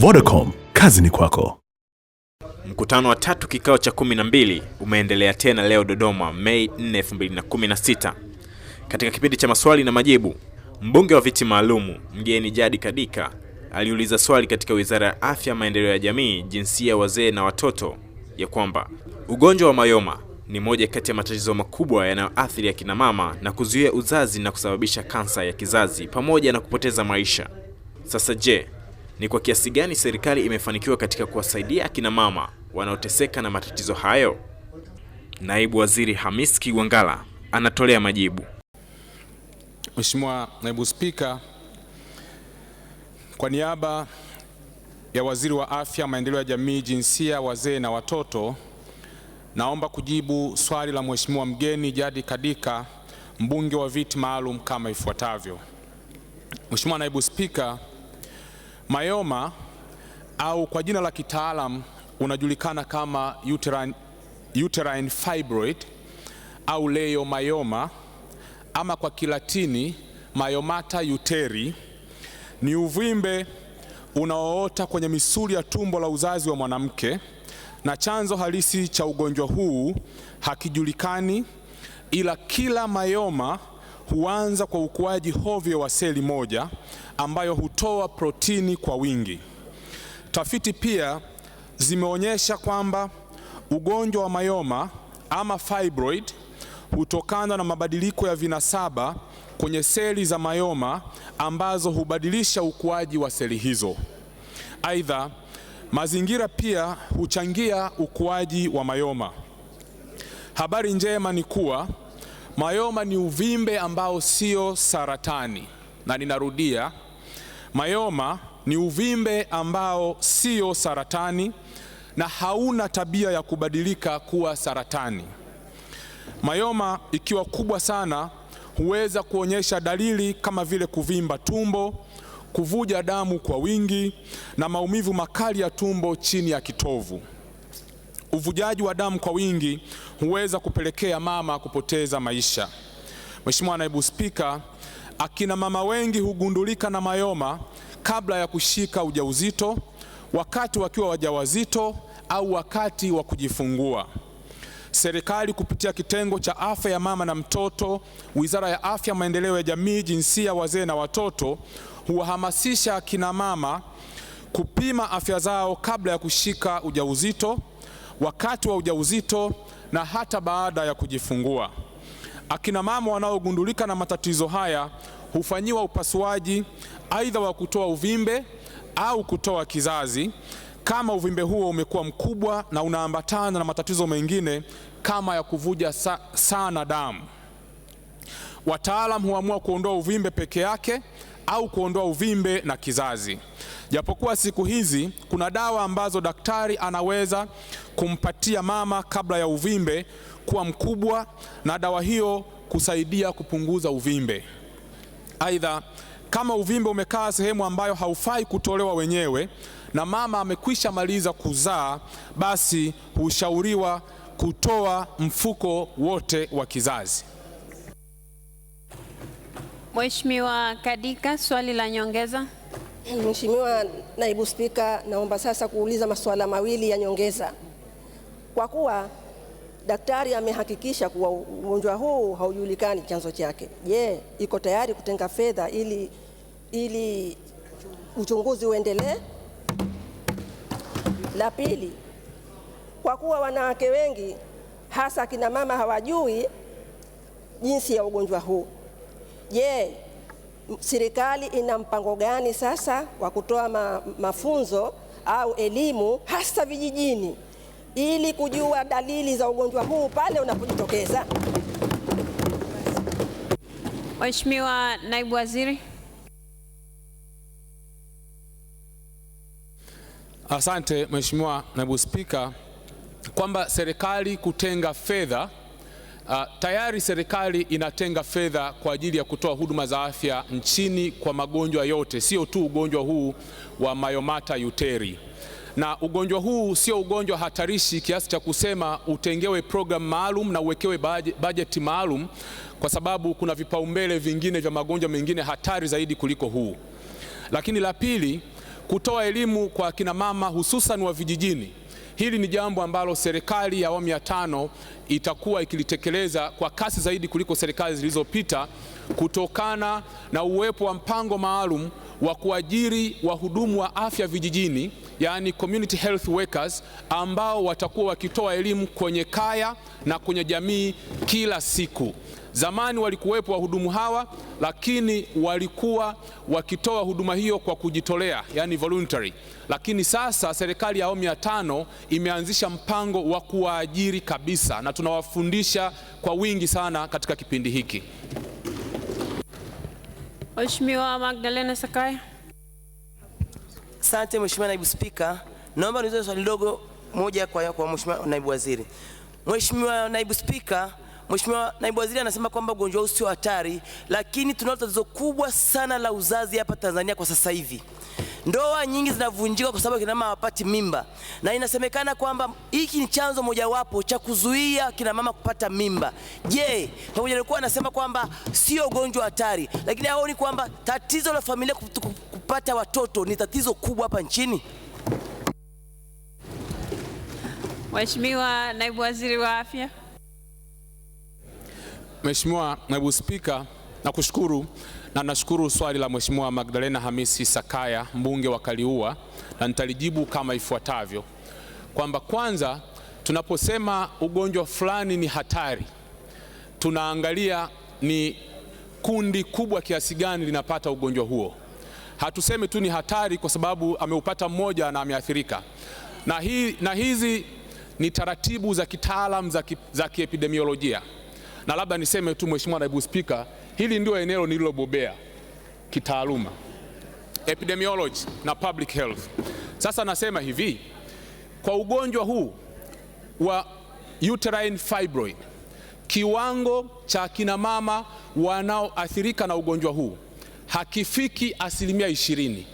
Vodacom, kazi ni kwako. Mkutano wa tatu kikao cha kumi na mbili umeendelea tena leo Dodoma, Mei 4, 2016. Katika kipindi cha maswali na majibu, mbunge wa viti maalumu mgeni Jadi Kadika aliuliza swali katika Wizara ya Afya, Maendeleo ya Jamii, Jinsia, Wazee na Watoto ya kwamba ugonjwa wa mayoma ni moja kati ya matatizo makubwa yanayoathiri akina ya mama na kuzuia uzazi na kusababisha kansa ya kizazi pamoja na kupoteza maisha. Sasa je, ni kwa kiasi gani serikali imefanikiwa katika kuwasaidia akina mama wanaoteseka na matatizo hayo? Naibu Waziri Hamis kigwangala anatolea majibu. Mheshimiwa Naibu Spika, kwa niaba ya Waziri wa Afya, Maendeleo ya Jamii, Jinsia, Wazee na Watoto, naomba kujibu swali la Mheshimiwa mgeni Jadi Kadika, mbunge wa viti maalum kama ifuatavyo. Mheshimiwa Naibu Spika, Mayoma au kwa jina la kitaalam unajulikana kama uterine, uterine fibroid au leiomyoma ama kwa Kilatini myomata uteri, ni uvimbe unaoota kwenye misuli ya tumbo la uzazi wa mwanamke, na chanzo halisi cha ugonjwa huu hakijulikani, ila kila mayoma huanza kwa ukuaji hovyo wa seli moja ambayo hutoa protini kwa wingi. Tafiti pia zimeonyesha kwamba ugonjwa wa mayoma ama fibroid hutokana na mabadiliko ya vinasaba kwenye seli za mayoma ambazo hubadilisha ukuaji wa seli hizo. Aidha, mazingira pia huchangia ukuaji wa mayoma. Habari njema ni kuwa Mayoma ni uvimbe ambao sio saratani, na ninarudia, mayoma ni uvimbe ambao sio saratani na hauna tabia ya kubadilika kuwa saratani. Mayoma ikiwa kubwa sana huweza kuonyesha dalili kama vile kuvimba tumbo, kuvuja damu kwa wingi na maumivu makali ya tumbo chini ya kitovu. Uvujaji wa damu kwa wingi huweza kupelekea mama kupoteza maisha. Mheshimiwa Naibu Spika, akina mama wengi hugundulika na mayoma kabla ya kushika ujauzito, wakati wakiwa wajawazito au wakati wa kujifungua. Serikali kupitia kitengo cha afya ya mama na mtoto, Wizara ya Afya, Maendeleo ya Jamii, Jinsia, Wazee na Watoto huwahamasisha akina mama kupima afya zao kabla ya kushika ujauzito wakati wa ujauzito na hata baada ya kujifungua. Akina mama wanaogundulika na matatizo haya hufanyiwa upasuaji aidha wa kutoa uvimbe au kutoa kizazi kama uvimbe huo umekuwa mkubwa na unaambatana na matatizo mengine kama ya kuvuja sa sana damu. Wataalamu huamua kuondoa uvimbe peke yake au kuondoa uvimbe na kizazi. Japokuwa siku hizi kuna dawa ambazo daktari anaweza kumpatia mama kabla ya uvimbe kuwa mkubwa na dawa hiyo kusaidia kupunguza uvimbe. Aidha, kama uvimbe umekaa sehemu ambayo haufai kutolewa wenyewe na mama amekwisha maliza kuzaa, basi hushauriwa kutoa mfuko wote wa kizazi. Mheshimiwa Kadika, swali la nyongeza. Mheshimiwa Naibu Spika, naomba sasa kuuliza masuala mawili ya nyongeza. Kwa kuwa daktari amehakikisha kuwa ugonjwa huu haujulikani chanzo chake, je, iko tayari kutenga fedha ili, ili uchunguzi uendelee? La pili, kwa kuwa wanawake wengi hasa kina mama hawajui jinsi ya ugonjwa huu Je, serikali ina mpango gani sasa wa kutoa ma, mafunzo au elimu hasa vijijini ili kujua dalili za ugonjwa huu pale unapojitokeza? Mheshimiwa Naibu Waziri. Asante Mheshimiwa Naibu Spika, kwamba serikali kutenga fedha Uh, tayari serikali inatenga fedha kwa ajili ya kutoa huduma za afya nchini kwa magonjwa yote, sio tu ugonjwa huu wa mayomata Uteri. Na ugonjwa huu sio ugonjwa hatarishi kiasi cha kusema utengewe programu maalum na uwekewe bajeti maalum, kwa sababu kuna vipaumbele vingine vya magonjwa mengine hatari zaidi kuliko huu. Lakini la pili, kutoa elimu kwa kina mama hususan wa vijijini Hili ni jambo ambalo serikali ya awamu ya tano itakuwa ikilitekeleza kwa kasi zaidi kuliko serikali zilizopita kutokana na uwepo wa mpango maalum wa kuajiri wahudumu wa afya vijijini, yani community health workers, ambao watakuwa wakitoa elimu kwenye kaya na kwenye jamii kila siku. Zamani walikuwepo wahudumu hawa, lakini walikuwa wakitoa huduma hiyo kwa kujitolea, yani voluntary. Lakini sasa serikali ya awamu ya tano imeanzisha mpango wa kuwaajiri kabisa, na tunawafundisha kwa wingi sana katika kipindi hiki. Mheshimiwa Magdalena Sakaya. Asante Mheshimiwa Naibu Spika, naomba niulize swali dogo moja kwa, kwa Mheshimiwa Naibu Waziri. Mheshimiwa Naibu Spika Mheshimiwa Naibu Waziri anasema kwamba ugonjwa huu sio hatari, lakini tunalo tatizo kubwa sana la uzazi hapa Tanzania kwa sasa hivi. Ndoa nyingi zinavunjika kwa sababu kina mama hawapati mimba, na inasemekana kwamba hiki ni chanzo mojawapo cha kuzuia kina mama kupata mimba. Je, pamoja na kuwa anasema kwamba sio ugonjwa hatari, lakini haoni kwamba tatizo la familia kupata watoto ni tatizo kubwa hapa nchini? Mheshimiwa Naibu Waziri wa Afya. Mheshimiwa Naibu Spika, nakushukuru na nashukuru swali la Mheshimiwa Magdalena Hamisi Sakaya mbunge wa Kaliua, na nitalijibu kama ifuatavyo kwamba kwanza, tunaposema ugonjwa fulani ni hatari, tunaangalia ni kundi kubwa kiasi gani linapata ugonjwa huo. Hatusemi tu ni hatari kwa sababu ameupata mmoja na ameathirika. Na, hi, na hizi ni taratibu za kitaalamu za kiepidemiolojia na labda niseme tu, Mheshimiwa Naibu Spika, hili ndio eneo nililobobea kitaaluma, epidemiology na public health. Sasa nasema hivi kwa ugonjwa huu wa uterine fibroid, kiwango cha kina mama wanaoathirika na ugonjwa huu hakifiki asilimia ishirini,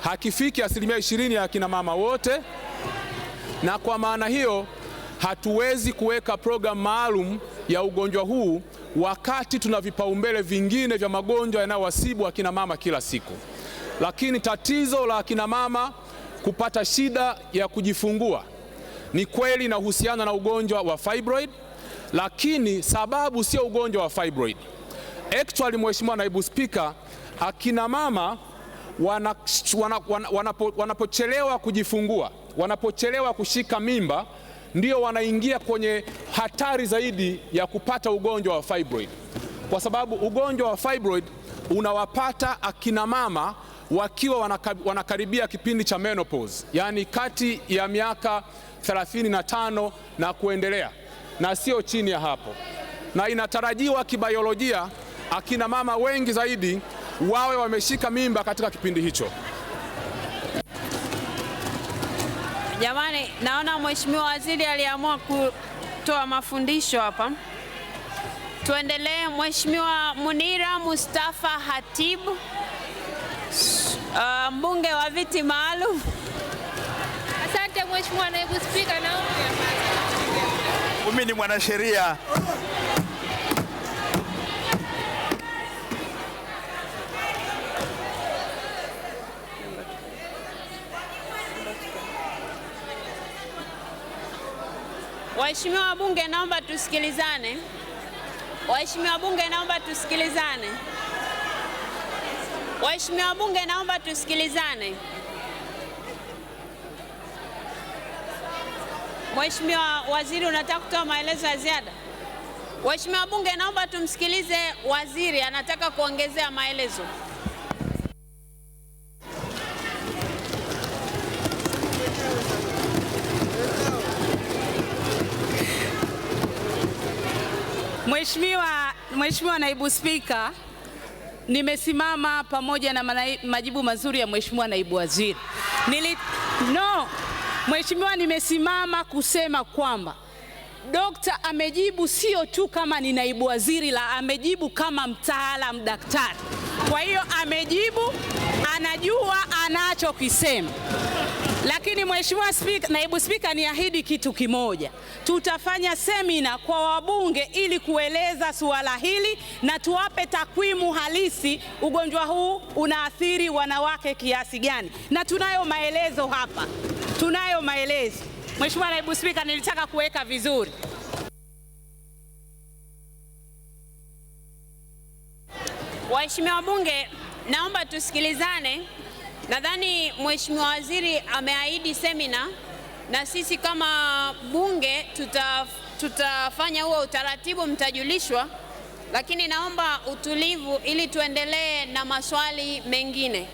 hakifiki asilimia ishirini ya kina mama wote, na kwa maana hiyo hatuwezi kuweka programu maalum ya ugonjwa huu wakati tuna vipaumbele vingine vya magonjwa yanayowasibu akina mama kila siku. Lakini tatizo la akina mama kupata shida ya kujifungua ni kweli inahusiana na ugonjwa wa fibroid, lakini sababu sio ugonjwa wa fibroid. Actually, Mheshimiwa Naibu Spika, akina mama wanapochelewa wana, wana, wana, wana kujifungua, wanapochelewa kushika mimba ndio wanaingia kwenye hatari zaidi ya kupata ugonjwa wa fibroid, kwa sababu ugonjwa wa fibroid unawapata akina mama wakiwa wanakaribia kipindi cha menopause, yani kati ya miaka 35 na kuendelea, na sio chini ya hapo, na inatarajiwa kibayolojia akina mama wengi zaidi wawe wameshika mimba katika kipindi hicho. Jamani, naona mheshimiwa waziri aliamua kutoa mafundisho hapa. Tuendelee. Mheshimiwa Munira Mustafa Hatib, uh, mbunge wa viti maalum. Asante mheshimiwa naibu spika, naomba. Mimi ni mwanasheria Waheshimiwa wabunge, naomba tusikilizane. Waheshimiwa wabunge, naomba tusikilizane. Waheshimiwa wabunge, naomba tusikilizane. Mheshimiwa Waziri, unataka kutoa maelezo ya ziada? Waheshimiwa wabunge, naomba tumsikilize waziri, anataka kuongezea maelezo. Mheshimiwa, Mheshimiwa Naibu Spika, nimesimama pamoja na majibu mazuri ya Mheshimiwa Naibu Waziri. Nili, no, Mheshimiwa nimesimama kusema kwamba Dokta amejibu sio tu kama ni naibu waziri, la amejibu kama mtaalam daktari. Kwa hiyo amejibu, anajua anachokisema. Lakini Mheshimiwa Spika, naibu Spika, niahidi kitu kimoja, tutafanya semina kwa wabunge ili kueleza suala hili na tuwape takwimu halisi, ugonjwa huu unaathiri wanawake kiasi gani, na tunayo maelezo hapa, tunayo maelezo. Mheshimiwa naibu Spika, nilitaka kuweka vizuri Waheshimiwa wabunge, naomba tusikilizane. Nadhani Mheshimiwa Waziri ameahidi semina na sisi kama bunge tuta, tutafanya huo utaratibu, mtajulishwa, lakini naomba utulivu ili tuendelee na maswali mengine.